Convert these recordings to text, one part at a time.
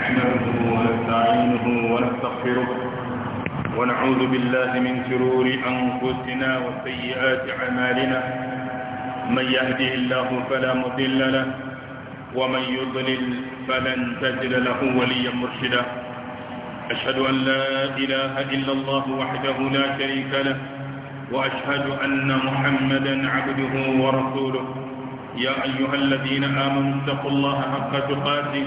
نحمده ونستعينه ونستغفره ونعوذ بالله من شرور أنفسنا وسيئات أعمالنا من يهده الله فلا مضل له ومن يضلل فلن تجد له وليا مرشدا أشهد أن لا إله إلا الله وحده لا شريك له وأشهد أن محمدا عبده ورسوله يا أيها الذين آمنوا اتقوا الله حق تقاته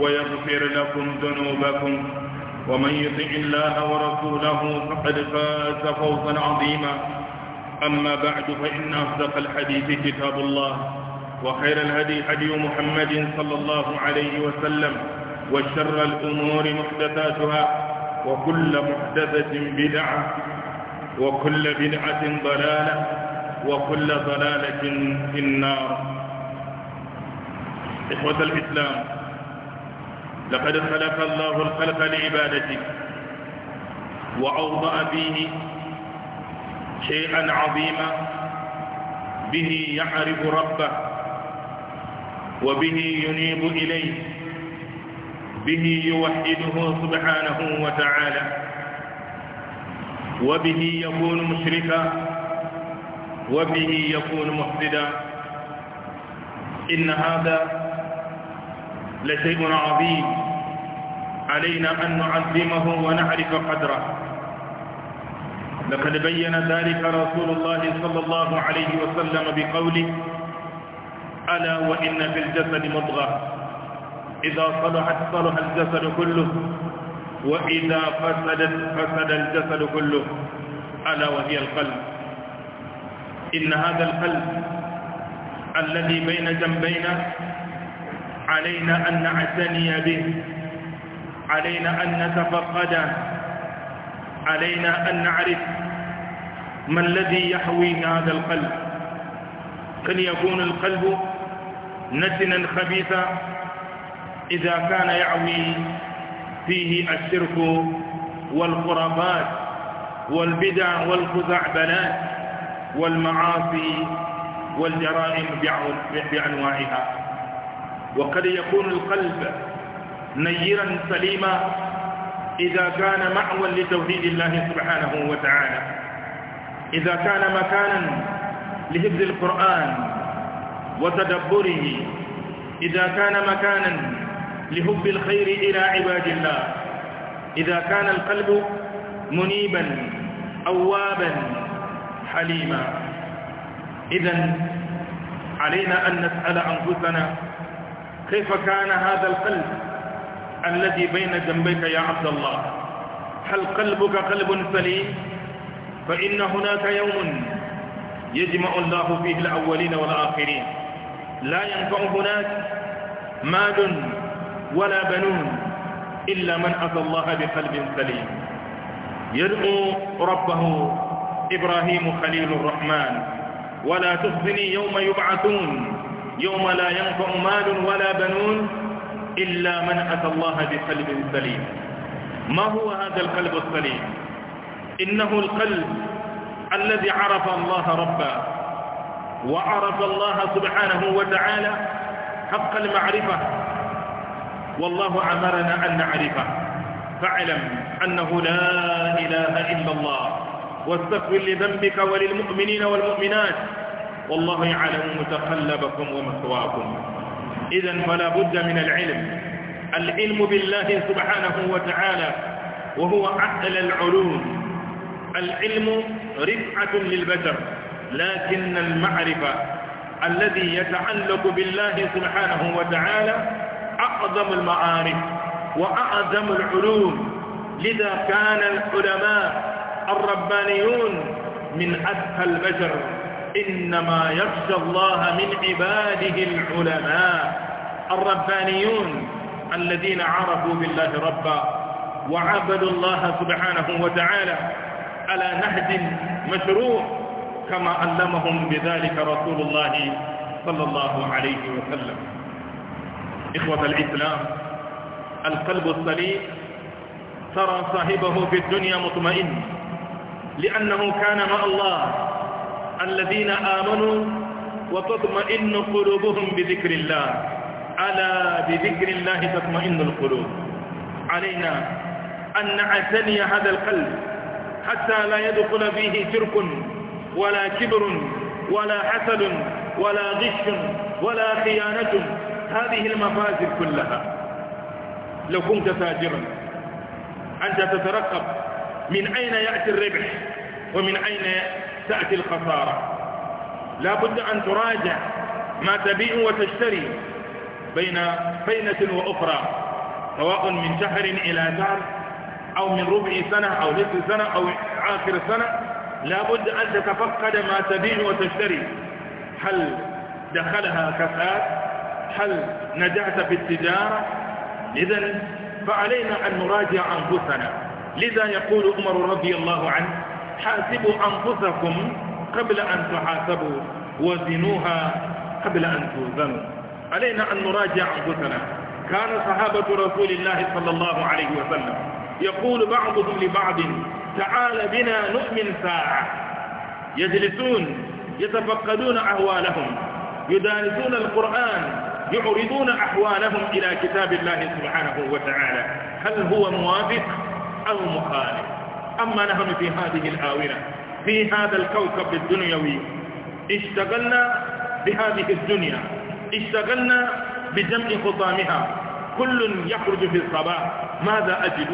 ويغفر لكم ذنوبكم ومن يطع الله ورسوله فقد فاز فوزا عظيما أما بعد فإن أصدق الحديث كتاب الله وخير الهدي هدي محمد صلى الله عليه وسلم وشر الأمور محدثاتها وكل محدثة بدعة وكل بدعة ضلالة وكل ضلالة في النار إخوة الإسلام لقد خلق الله الخلق لعبادته وأوضأ فيه شيئا عظيما به يعرف ربه وبه ينيب إليه به يوحده سبحانه وتعالى وبه يكون مشركا وبه يكون مفسدا إن هذا لشيء عظيم علينا أن نعظمه ونعرف قدره لقد بين ذلك رسول الله صلى الله عليه وسلم بقوله ألا وإن في الجسد مضغة إذا صلحت صلح الجسد كله وإذا فسدت فسد الجسد كله ألا وهي القلب إن هذا القلب الذي بين جنبينا علينا أن نعتني به علينا أن نتفقده علينا أن نعرف ما الذي يحوي هذا القلب قد يكون القلب نتنا خبيثا إذا كان يعوي فيه الشرك والخرافات والبدع والخزعبلات والمعاصي والجرائم بعنوانها وقد يكون القلب نيرا سليما إذا كان معوى لتوحيد الله سبحانه وتعالى إذا كان مكانا لحفظ القرآن وتدبره إذا كان مكانا لحب الخير إلى عباد الله إذا كان القلب منيبا أوابا حليما إذا علينا أن نسأل أنفسنا كيف كان هذا القلب الذي بين جنبيك يا عبد الله هل قلبك قلب سليم فإن هناك يوم يجمع الله فيه الأولين والآخرين لا ينفع هناك مال ولا بنون إلا من أتى الله بقلب سليم يدعو ربه إبراهيم خليل الرحمن ولا تخزني يوم يبعثون يوم لا ينفع مال ولا بنون إلا من أتى الله بقلب سليم ما هو هذا القلب السليم إنه القلب الذي عرف الله ربا وعرف الله سبحانه وتعالى حق المعرفة والله أمرنا أن نعرفه فاعلم أنه لا إله إلا الله واستغفر لذنبك وللمؤمنين والمؤمنات والله يعلم متقلبكم ومثواكم إذا فلا بد من العلم العلم بالله سبحانه وتعالى وهو أعلى العلوم العلم رفعة للبشر لكن المعرفة الذي يتعلق بالله سبحانه وتعالى أعظم المعارف وأعظم العلوم لذا كان العلماء الربانيون من أسهى البشر إنما يخشى الله من عباده العلماء الربانيون الذين عرفوا بالله ربا وعبدوا الله سبحانه وتعالى على نهج مشروع كما علمهم بذلك رسول الله صلى الله عليه وسلم إخوة الإسلام القلب السليم ترى صاحبه في الدنيا مطمئن لأنه كان مع الله الذين آمنوا وتطمئن قلوبهم بذكر الله ألا بذكر الله تطمئن القلوب علينا أن نعتني هذا القلب حتى لا يدخل فيه شرك ولا كبر ولا حسد ولا غش ولا خيانة هذه المفاسد كلها لو كنت تاجرا أنت تترقب من أين يأتي الربح ومن أين تأتي الخسارة لا بد أن تراجع ما تبيع وتشتري بين فينة وأخرى سواء من شهر إلى شهر أو من ربع سنة أو نصف سنة أو آخر سنة لا بد أن تتفقد ما تبيع وتشتري هل دخلها كفاءات هل نجحت في التجارة إذا فعلينا أن نراجع أنفسنا لذا يقول عمر رضي الله عنه حاسبوا أنفسكم قبل أن تحاسبوا وزنوها قبل أن توزنوا علينا أن نراجع أنفسنا كان صحابة رسول الله صلى الله عليه وسلم يقول بعضهم لبعض تعال بنا نؤمن ساعة يجلسون يتفقدون أهوالهم يدارسون القرآن يعرضون أحوالهم إلى كتاب الله سبحانه وتعالى هل هو موافق أو مخالف أما نحن في هذه الآونة في هذا الكوكب الدنيوي اشتغلنا بهذه الدنيا اشتغلنا بجمع خطامها كل يخرج في الصباح ماذا أجد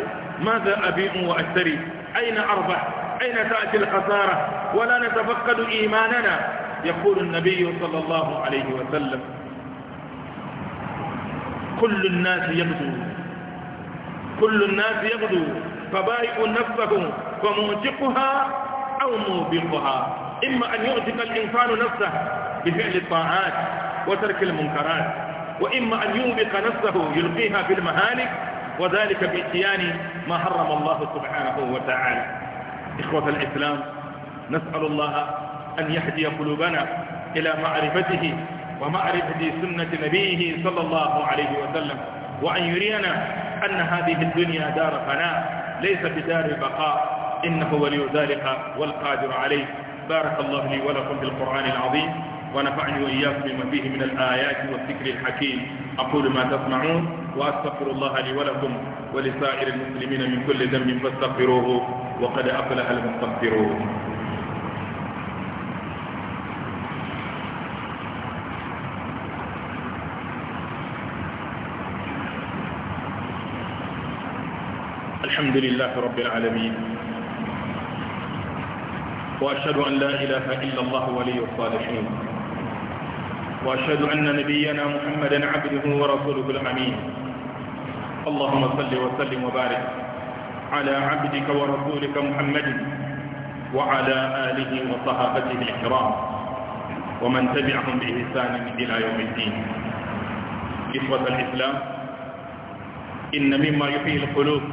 ماذا أبيع وأشتري أين أربح أين تأتي الخسارة ولا نتفقد إيماننا يقول النبي صلى الله عليه وسلم كل الناس يبدو كل الناس يبدو فبائع نفسه فموثقها أو موبقها إما أن يوثق الإنسان نفسه بفعل الطاعات وترك المنكرات وإما أن يوبق نفسه يلقيها في المهالك وذلك بإتيان ما حرم الله سبحانه وتعالى إخوة الإسلام نسأل الله أن يهدي قلوبنا إلى معرفته ومعرفة سنة نبيه صلى الله عليه وسلم وأن يرينا أن هذه الدنيا دار فناء ليس بدار البقاء إنه ولي ذلك والقادر عليه بارك الله لي ولكم بالقرآن العظيم ونفعني وإياكم بما فيه من الآيات والذكر الحكيم أقول ما تسمعون وأستغفر الله لي ولكم ولسائر المسلمين من كل ذنب فاستغفروه وقد أفلح المستغفرون الحمد لله رب العالمين وأشهد أن لا إله إلا الله ولي الصالحين وأشهد أن نبينا محمدا عبده ورسوله الأمين اللهم صل وسلم وبارك على عبدك ورسولك محمد وعلى آله وصحابته الكرام ومن تبعهم بإحسان إلى يوم الدين إخوة الإسلام إن مما يحيي القلوب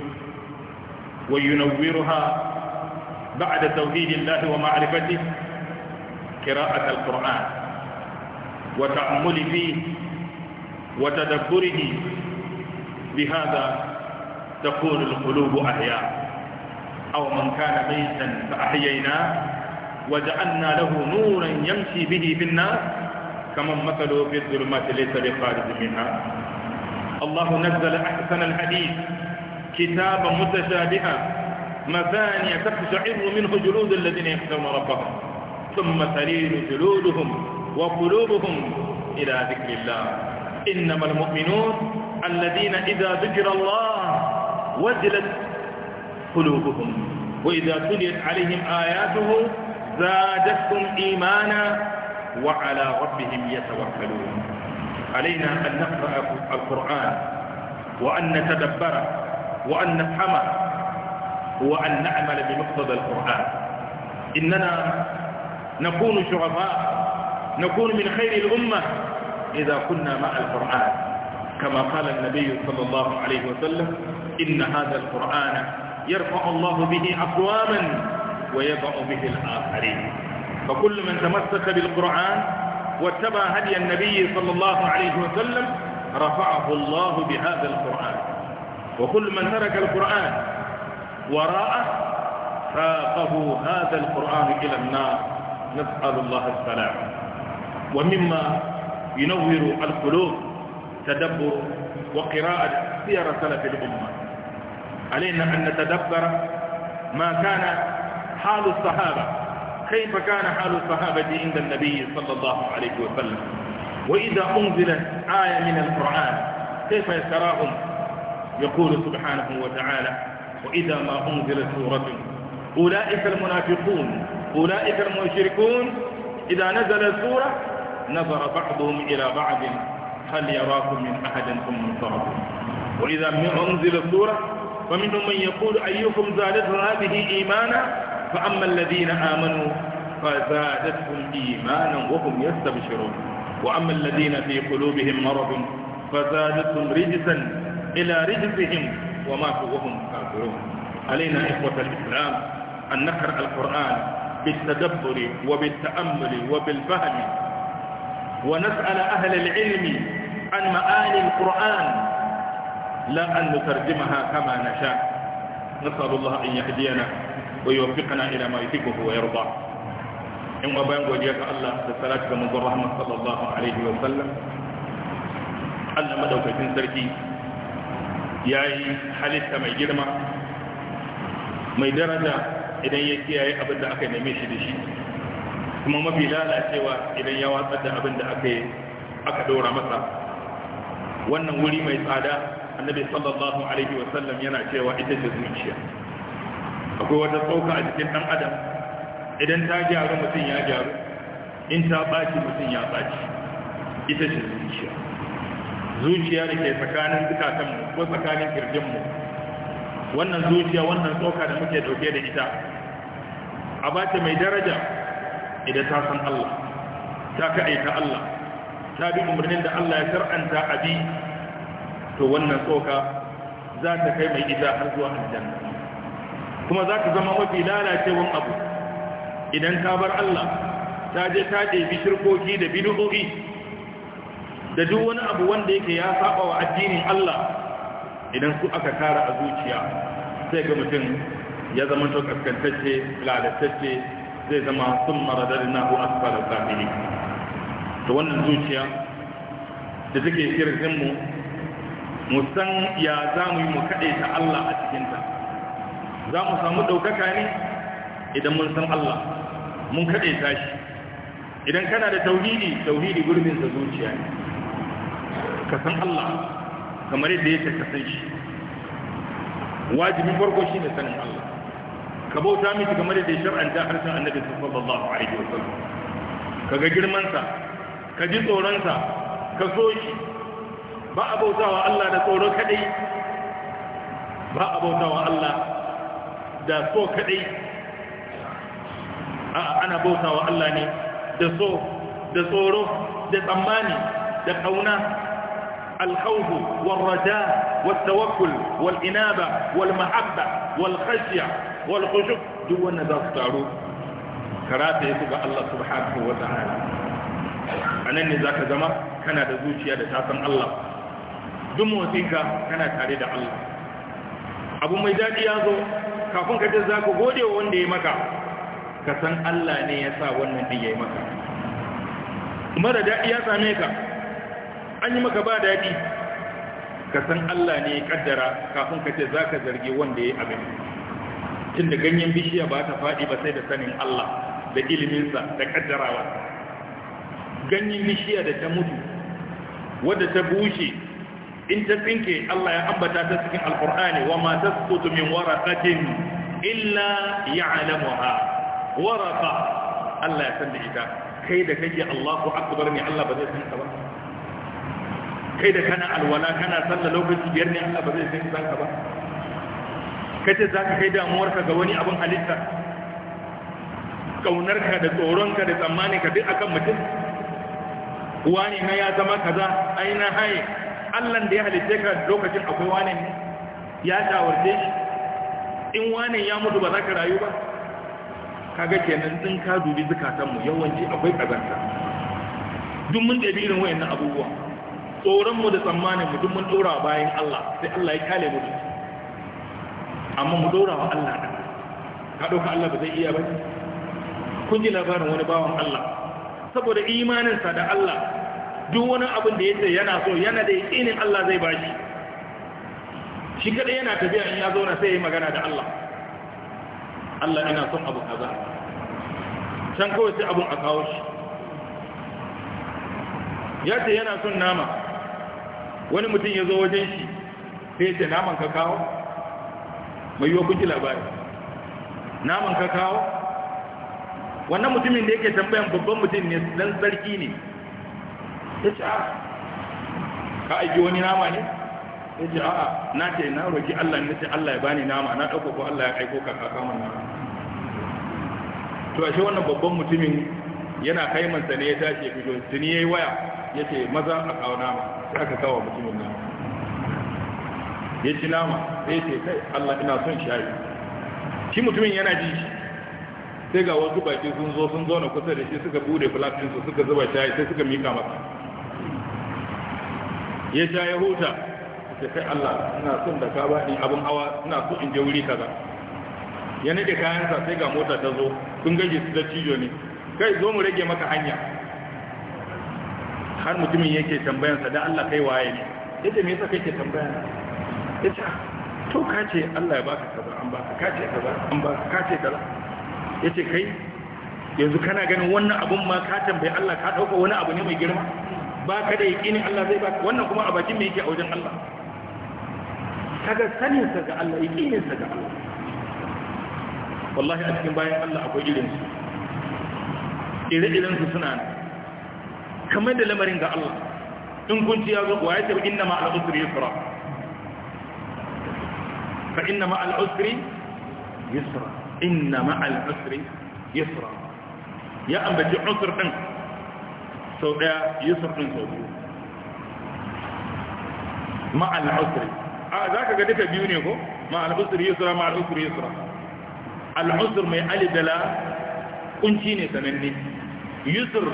وينورها بعد توحيد الله ومعرفته قراءة القرآن وتأمل فيه وتدبره بهذا تكون القلوب أحياء أو من كان ميتا فأحييناه وجعلنا له نورا يمشي به في الناس كمن مثله في الظلمات ليس بخارج منها الله نزل أحسن الحديث كتابا متشابها مثانية تقشعر منه جلود الذين يخشون ربهم ثم تلين جلودهم وقلوبهم إلى ذكر الله إنما المؤمنون الذين إذا ذكر الله وجلت قلوبهم وإذا تليت عليهم آياته زادتهم إيمانا وعلى ربهم يتوكلون علينا أن نقرأ القرآن وأن نتدبره وأن نفهمه وأن نعمل بمقتضى القرآن إننا نكون شرفاء نكون من خير الأمة إذا كنا مع القرآن كما قال النبي صلى الله عليه وسلم إن هذا القرآن يرفع الله به أقواما ويضع به الآخرين فكل من تمسك بالقرآن واتبع هدي النبي صلى الله عليه وسلم رفعه الله بهذا القرآن وكل من ترك القرآن وراءه فاقه هذا القرآن إلى النار نسأل الله السلام ومما ينور القلوب تدبر وقراءة سير سلف الأمة علينا أن نتدبر ما كان حال الصحابة كيف كان حال الصحابة عند النبي صلى الله عليه وسلم وإذا أنزلت آية من القرآن كيف يسراهم يقول سبحانه وتعالى وإذا ما أنزلت سورة أولئك المنافقون أولئك المشركون إذا نزل سورة نظر بعضهم إلى بعض هل يراكم من أحد ثم انصرفوا وإذا أنزل سورة فمنهم من يقول أيكم زادته هذه إيمانا فأما الذين آمنوا فزادتهم إيمانا وهم يستبشرون وأما الذين في قلوبهم مرض فزادتهم رجسا إلى رجبهم وماتوا وهم كافرون علينا إخوة الإسلام أن نقرأ القرآن بالتدبر وبالتأمل وبالفهم ونسأل أهل العلم عن معاني القرآن لا أن نترجمها كما نشاء نسأل الله أن يهدينا ويوفقنا إلى ما يثقه ويرضاه إن أبان وجيك الله ga Allah da صلى الله عليه وسلم sallallahu alaihi wa ya yi halitta mai girma mai daraja idan ya kiyaye abin da aka neme shi da shi kuma mafi lalacewa idan ya watsar da abin da aka yi ɗora masa wannan wuri mai tsada annabi sallallahu alaihi wasallam yana cewa ita ce zuciya akwai wata tsoka a cikin ɗan adam idan ta gyaru mutum ya gyaru in ta ɓaci mutum ya ɓaci ita ce zuciya zuciya da ke tsakanin zukatanmu ko tsakanin kirjinmu wannan zuciya wannan tsoka da muke dauke da ita a bace mai daraja idan ta san Allah ta ka'aita Allah ta bi umarnin da Allah ya shar'anta a bi to wannan tsoka za ta kai mai ita har zuwa aljanna kuma za ta zama mafi lalacewan abu idan ta bar Allah ta je ta ɗebi shirkoki da bid'o'i da duk wani abu wanda yake ya saba wa addinin Allah idan su aka kara a zuciya sai ga mutum ya zama to kaskantacce lalatacce zai zama sun maradar na ko asfara safili da wannan zuciya da take kirkin mu mu san ya za mu yi mu kaɗe ta Allah a cikinta za mu samu ɗaukaka ne idan mun san Allah mun kaɗe ta shi idan kana da tauhidi tauhidi gurbinsa zuciya ne ka san Allah kamar yadda yake ka san shi wajibin farko shi ne sanin Allah ka bauta miki kamar yadda ya shar'anta harshen annabi sallallahu alaihi wa sallam ka ga girman sa ka ji tsoron sa ka so shi ba a bautawa Allah da tsoro kadai ba a bautawa Allah da so kadai a ana bautawa Allah ne da so da tsoro da tsammani da kauna الخوف والرجاء والتوكل والإنابة والمحبة والخشية والخشوع دون ذلك تعرف كراتي يتبع الله سبحانه وتعالى أنا ذاك زمان كان دزوشي هذا شاسم الله دموتك كان تاريد الله abu mai daɗi ya zo kafin ka jin za ku gode wa wanda ya maka ka san Allah ne ya sa wannan ɗin ya yi maka mara daɗi ya same ka an yi maka ba daɗi ka san Allah ne ya kaddara kafin ka ce za ka zargi wanda ya abin tun da ganyen bishiya ba ta faɗi ba sai da sanin Allah da iliminsa da kaddarawa ganyen bishiya da ta mutu wadda ta bushe in ta tsinke Allah ya ambata ta cikin alkur'ani wa ma tasqutu min waraqatin illa ya'lamuha waraqa Allah ya san da ita kai da kake Allahu akbar ne Allah ba zai san ka ba kai da kana alwala kana sallah lokaci biyar ne Allah ba zai san zaka ba kace zaka kai damuwarka ga wani abin halitta kaunarka da tsoronka da tsammaninka duk akan mutum wani na ya zama kaza aina haye Allah da ya halitta ka lokacin akwai wani ya shawarce shi in wani ya mutu ba za ka rayu ba kaga kenan din ka dubi zukatanmu yawanci akwai kazanta duk mun da irin wayannan abubuwa tsoronmu da tsammanin mu duk mun dora bayan Allah sai Allah ya kale mu amma mu dora wa Allah da ka dauka Allah ba zai iya ba kun ji labarin wani bawan Allah saboda imaninsa da Allah duk wani abin da yake yana so yana da yakinin Allah zai bashi shi kada yana tafiya in ya zauna sai ya yi magana da Allah Allah ina son abu kaza can kawai sai abun a kawo shi ya ce yana son nama wani mutum ya zo wajen shi sai ya ce naman ka kawo mai yiwa kuki labari naman ka kawo wannan mutumin da yake tambayan babban mutum ne dan sarki ne ya ce a ka aiki wani nama ne ya ce a'a na ce na roki Allah ne ce Allah ya bani nama na ɗauka ko Allah ya aiko ka kaka mun nama to ashe wannan babban mutumin yana kaimansa ne ya tashi ya fito tuni yayi waya ya ce maza a kawo nama sai aka kawo mutumin nama ya ci nama sai ce kai Allah ina son shayi shi mutumin yana ji sai ga wasu baki sun zo sun zauna kusa da shi suka bude su suka zuba shayi sai suka mika masa ya sha ya huta sai kai Allah ina son da ka bani abin hawa ina so in je wuri kaza ya nade kayansa sai ga mota ta zo sun gaji su da cijo ne kai zo mu rage maka hanya har mutumin yake tambayansa dan Allah kai waye ne yace me yasa kake tambaya yace to kace Allah ya baka kaza an baka kace kaza an baka kace kaza yace kai yanzu kana ganin wannan abun ma ka tambaye Allah ka dauka wani abu ne mai girma ba ka da yaƙini Allah zai baka wannan kuma a bakin me yake a wajen Allah kaga sanin sa ga Allah yaƙinin sa ga Allah wallahi a cikin bayan Allah akwai irin su ire-iren su suna nan kamar da lamarin ga Allah in kunci ya zo wa ya tabi inna ma'al usri yusra fa inna ma'al usri yusra inna ma'al usri yusra ya ambaci usr din sau daya yusr din sau biyu ma'al usri a za ga duka biyu ne ko ma'al usri yusra ma'al usri yusra al usr mai alif da la kunci ne sananne yusr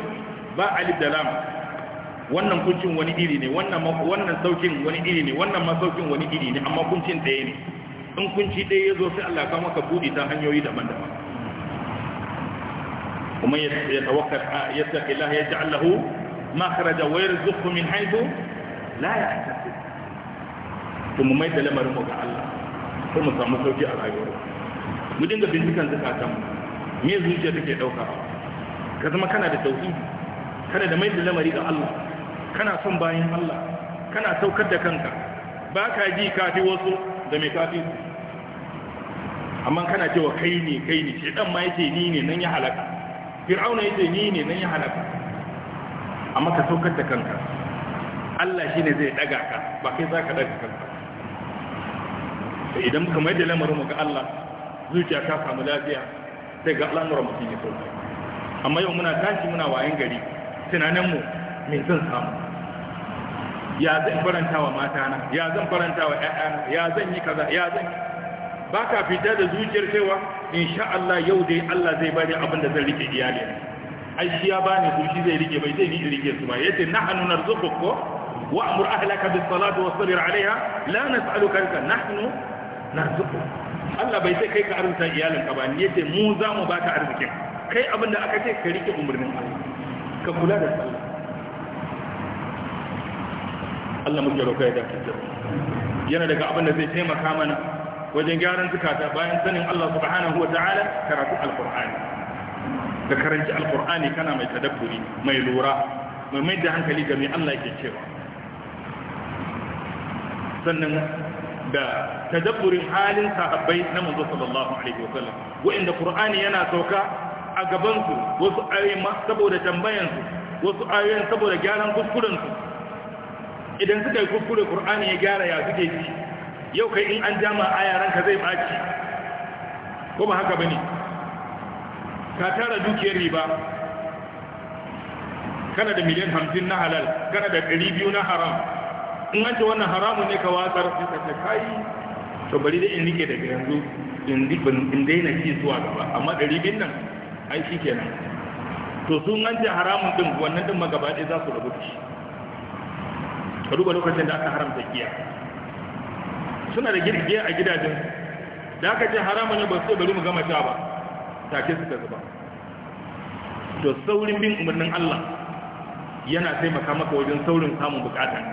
ba alif da lam wannan kuncin wani iri ne wannan wannan saukin wani iri ne wannan ma masaukin wani iri ne amma kuncin ɗaya ne in kunci ɗaya ya zo sai Allah ka maka buɗi ta hanyoyi daban-daban kuma ya tawakkal ya saki Allah ya ja'al lahu makhraja wa yarzuqhu min haythu la yahtasib kuma mai da lamarin mu ga Allah sai mu samu sauki a rayuwar mu dinga bincikan zakatan mu me zuciya take dauka ka zama kana da tauhidi kana da mai da lamari ga Allah kana son bayan Allah kana saukar da kanka ba ka ji kafi wasu da mai kafi su amma kana cewa kai ne kai ne shi ɗan ma yace ni ne nan ya halaka fir'auna yace ni ne nan ya halaka amma ka saukar da kanka Allah shi ne zai daga ka ba kai za ka daga kanka Idan ka mai da lamarin ga Allah zuciya ta samu lafiya sai ga al'amuran mutum ya sauka amma yau muna tashi muna wayan gari tunaninmu mai zan samu ya zan faranta wa matana ya zan faranta wa ‘ya'yana ya zan yi kaza ya zan ba ka fita da zuciyar cewa in sha Allah yau dai Allah zai bari abin da zan rike iyali ai shi ya bani su shi zai rike bai zai ni rike su ba yace nahnu narzuquk ko wa amur ahlaka bis salati wasbir alaiha la nas'aluka rizqan nahnu narzuquk Allah bai sai kai ka arzuta iyalinka ba ni yace mu za mu baka arzikin kai abin da aka ce ka rike umarnin Allah ka kula da sallah Allah muke roƙa ya dace da yana daga abin da zai taimaka mana wajen gyaran zukata bayan sanin Allah subhanahu wata'ala karatu alqur'ani da karanci alqur'ani kana mai tadabburi mai lura mai mai da hankali ga mai Allah yake cewa sannan da tadabburin halin sahabbai na manzo sallallahu alaihi wasallam wa'inda qur'ani yana sauka a gabansu wasu ayoyin saboda tambayansu wasu ayoyin saboda gyaran kuskurensu idan suka yi kuskure ƙur'ani ya gyara ya suke ji yau kai in an jama a yaranka zai baci ko ba haka ba ne ka tara dukiyar riba kana da miliyan hamsin na halal kana da ɗari biyu na haram in an ce wannan haramun ne ka watsar ka ta kai to bari dai in rike daga yanzu in daina ci zuwa gaba amma ɗari biyu nan ai shi kenan to sun an ce haramun din wannan din magabaɗe za su rabu da shi ka duba lokacin da aka haramta giya suna da girgi a gidajen da aka ce haramun ne ba su bari mu gama sha ba take suka zuba to saurin bin umarnin Allah yana taimaka maka wajen saurin samun bukatan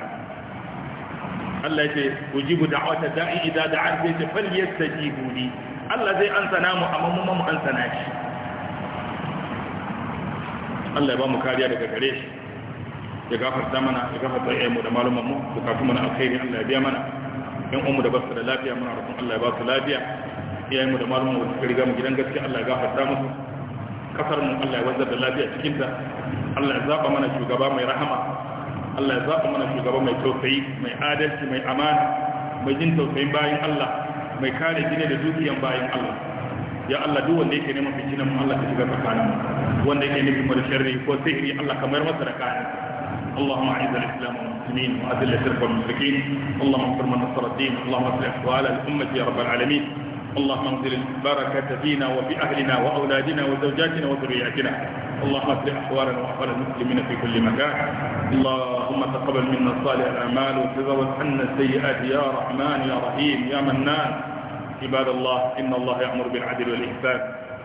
Allah ya ce ujibu da'wata da'i idza da'a sai ta yastajibu li Allah zai ansa namu amma mu mu ansa na shi Allah ya ba mu kariya daga gare shi ya gafarta mana ya gafarta mu da malaman mu bukatu mana alkhairi Allah ya biya mana yan mu da basu da lafiya muna roƙon Allah ya ba su lafiya iyayen mu da malumanmu mu suka riga mu gidan gaske, Allah ya gafarta musu kasar mu Allah ya wanzar da lafiya cikin ta Allah ya zaba mana shugaba mai rahama Allah ya zaba mana shugaba mai tausayi mai adalci mai amana mai jin tausayin bayin Allah mai kare gine da dukiyan bayin Allah ya Allah duk wanda yake neman fitinan mu Allah ka shiga tsakanin mu wanda yake nufin mu sharri ko sihiri Allah ka masa da kayan اللهم اعز الاسلام والمسلمين واذل الشرك والمشركين اللهم انصر من نصر الدين اللهم اصلح احوال الامه يا رب العالمين اللهم انزل البركه فينا وفي اهلنا واولادنا وزوجاتنا وذرياتنا اللهم اصلح احوالنا واحوال المسلمين في كل مكان اللهم تقبل منا صالح الاعمال وتزود عنا السيئات يا رحمن يا رحيم يا منان عباد الله إن الله يأمر بالعدل والإحسان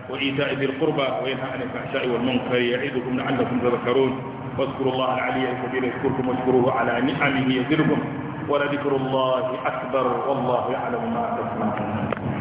وإيتاء ذي القربى وينهى عن الفحشاء والمنكر يعظكم لعلكم تذكرون واذكروا الله العلي الكبير يذكركم واشكروه على نعمه يزدكم ولذكر الله أكبر والله يعلم ما تصنعون